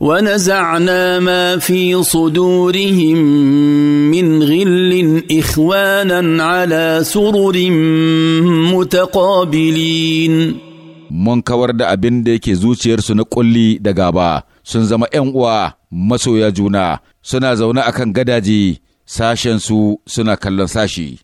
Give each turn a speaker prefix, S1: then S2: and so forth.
S1: ونزعنا ما في صدورهم من
S2: غل اخوانا على سرر متقابلين mun kawar da abin da yake zuciyarsu na ƙulli da gaba sun zama ‘yan uwa masoya juna suna zaune a kan gadaje sashensu
S3: suna kallon sashi.